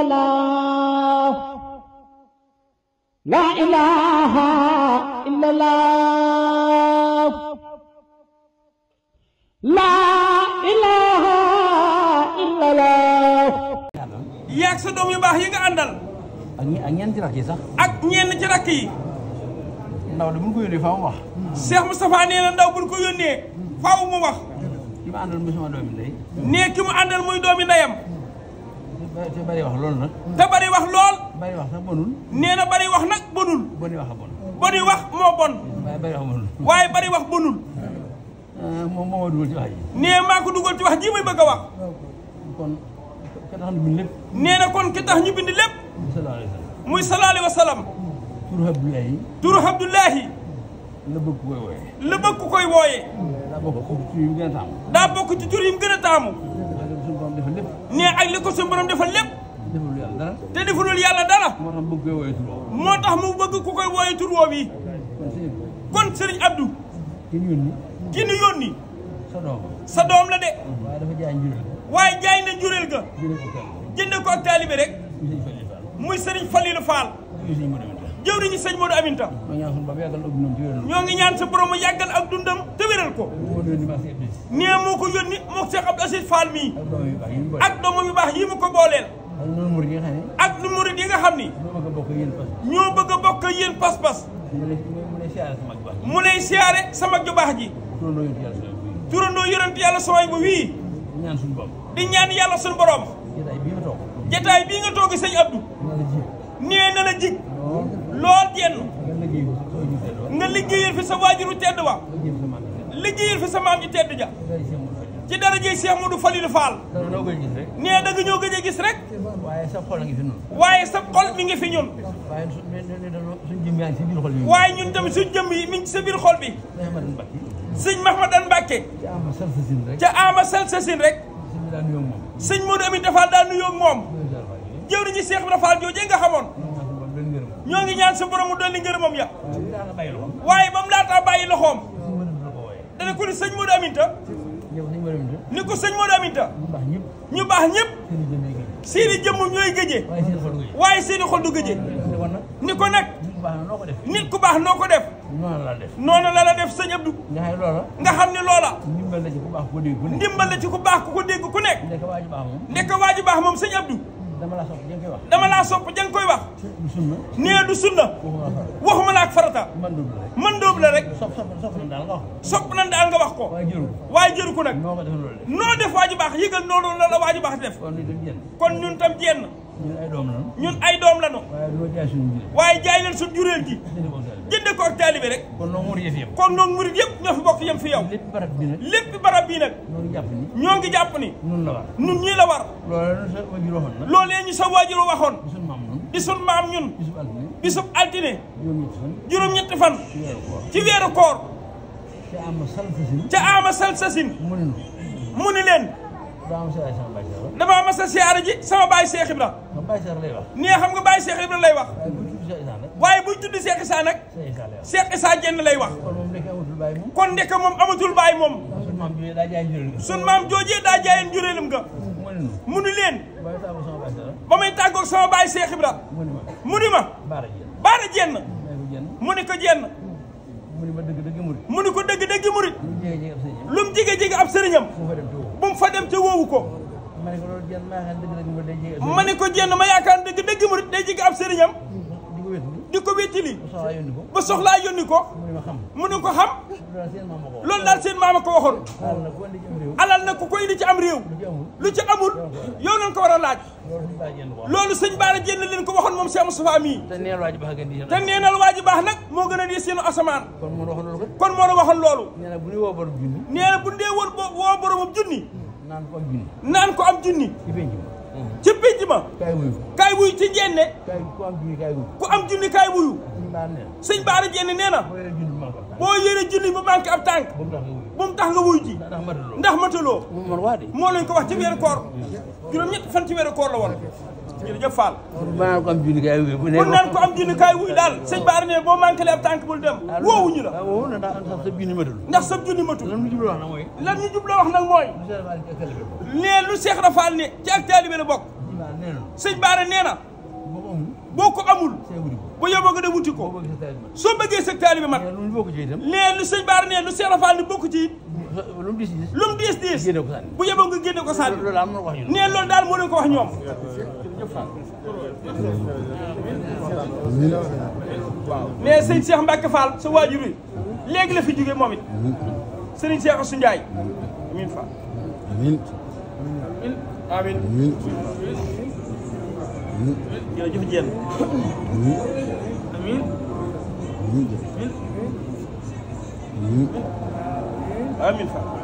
الله لا إله إلا الله لا إله doom yu baax nga àndal ak ñenn ci rakk sax ak ci rakk ndaw de bu ñu ko yónnee mu wax Cheikh Moustapha nee na ndaw bu ñu ko yónnee mu wax ki mu àndal muy sama doomi ki mu àndal muy doomi ndeyam Eh, te bari wax lool nag. te bari wax lool. bari wax nag bonul. nee na bari wax nag bonul. boni wax a bon. boni wax moo bon. bari wax bonul. waaye bari wax bonul. Eh, moom moo ma dugal ci wax a nee maa ko dugal ci wax ji muy bëgg a wax. Oh, kon ka tax ñu bind lépp. nee na kon ki ñu bind lépp. muy sallallahu alayhi wa sallam. turu Abdoulahi. turu Abdoulahi. la bëgg koy wooyee. la koy wooyee. daa bokk ci tur yi mu a taamu. daa bokk ci tur gën a taamu. defal lépp. nee ak li ko suñu borom defal lépp. defalul yàlla dara. te defalul yàlla dara. moo tax mu bëgg koy koy wooyee tur woowu yi. kon Serigne Abdou. ki ñu yónni. ki ñu sa doom sa doom la de. waaye dafa jaay njureel. waaye jaay na njureel ga. jënd ko ak taalibe rek. muy Serigne Falilou Fall. jëwriñu seigne Modou Aminta ñoo ngi ñaan sa borom yàggal ak dundam te wéral ko nee moo ko yónni mook Cheikh Abdou assid Fall mii ak doomam yu bax yi mu ko bolel ak nu murid yi nga xamni ñoo bëgg bokk yeen pass pass mu lay siaré sama mag ju bax ji turandoo yoonent yalla sooy bu wii di ñaan yalla suñu borom jotaay bi nga toogi seigne Abdou nee na la jik loo Tian nga liggéeyal fi sa waajuru tedd wa liggéeyal fi sa maam ju tedd ja ci daraje Cheikh Modou Falilou Fall nee da nga ñoo gëj gis rek waaye sa xol ngi fi ñun waaye sa xol mi ngi fi ñun waaye ñun tam suñ jëm mi ngi sa biir xol bi sëñ Mahmadan Mbacke ca ama sel sin rek sëñ Modou Amin Fall daa nuyoo ak moom jëw Cheikh Fall nga ñoo ngi ñaan sa borom mu dolli ngërëmam ya waaye ba mu laataa bàyyi loxoom dana ko ni sëñ Modou Aminta ni ko sëñ Modou Aminta ñu baax ñëpp seen i jëmm ni ko ku baax noo ko def noonu la la def sëñ Abdou nga xam ne loola ndimbal la ci ku baax ku ko dégg ku nekk ndeka waaju baax moom sëñ Abdou dama laa sopp jang wax. dama laa sopp jang koy wax. du sunna. nee du sunna. waxuma la ak farata. man doob la rek man doob la rek. nan daal nga wax. ko. waaye jëru ko waaye jëru ko nag. noo def waaju baax yëgal noonu la la waaju baax def. kon ñun tam jenn. ñun ay doom lañu. ñun ay doom lañu. waaye doo jaay suñu jureel. waaye jaay leen suñu jureel gi. jënd ko ak taalibe rek. kon noonu murid yëpp yëpp. kon noonu murid yëpp ñoo lépp barab bii nag. ñoo ngi jàpp ni. ñun ñii la war. loolee ñu sa waajur waxoon nag. loolee ñu sa waajur waxoon. di suñu maam ñun. di ñun. juróom-ñetti fan. ci weeru koor. ca ama salsasin. ca ama salsasin. mu ne leen. dafa a siyaare ji sama baay Cheikh Ibra nee xam nga baay Cheikh Ibra lay wax waaye buñ tudd Cheikh Issa nag Cheikh Issa lay wax kon ndeke moom amatul baay moom sun joojee daa jaayeen jureelam nga mu leen ba may tàggoog sama baay Cheikh Ibra mu ma baara jenn mu ko jenn mu ni dëgg-dëgg murit lu mu jege ab sëriñam fa dem te woowu ko. ma ne ko loolu jenn ma yaakaar dëgg-dëgg ma ne ko jenn ma mu day jig ab di ko wéttili ba soxlaa yónni ko mu ne ko xam loolu daal seen maama ko waxoon alal na ku koy indi ci am réew lu ci amul yow ko war a laaj loolu sëñ Baara Jenn leen ko waxoon moom si am sufa mii neenal waa baax nag moo gën a di seenu asamaan kon moo la waxoon loolu nee bu nee woo woo junni naan ko am junni. naan ko am junni. ci penc ma. ci penc ma. kaay wuyu. kaay ci jenne. kaay ku am junni kaay wuyu. ku am junni kaay wuyu. sëñ Baara Jenne nee na. boo yore junni bu manqué ab tànk. bu mu tax nga wuyu ji. ndax mataloo. moo lañ ko wax ci weeru koor. juróom ñett fan ci weeru koor la woon. jërëjëf Fall maa ko am jullikaay wuy bu ne bu naan ko am jullikaay wuy daal sëñ Bara ne boo manqué ab tànk bul dem woowuñu la woowuñu la ndax sa junni matul ndax sa junni matul lan ñu jublu wax nag mooy lan ñu jublu wax nag mooy nee lu Seex Rafaal ne ci ak taalibe la bokk sëñ Bara nee na boo ko amul bu yóbboo nga de wuti ko soo bëggee sa taalibe mat nee lu sëñ Bara nee lu Seex Rafaal ne bokk ci it lu mu diis diis lu mu diis diis bu yóbboo nga génne ko sànni nee loolu daal moo leen ko wax ñoom waaw mais sëñ Cheikh Mbacke Fall sa waajur la fi jóge moom it sëriñ Cheikh Assou Ndiaye amiin